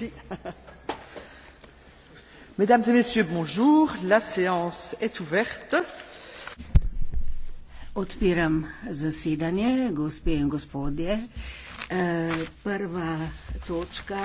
mesdames et messieurs bonjour la séance est ouverte odpiram zasedanje gospe in gospodje eh, prva točka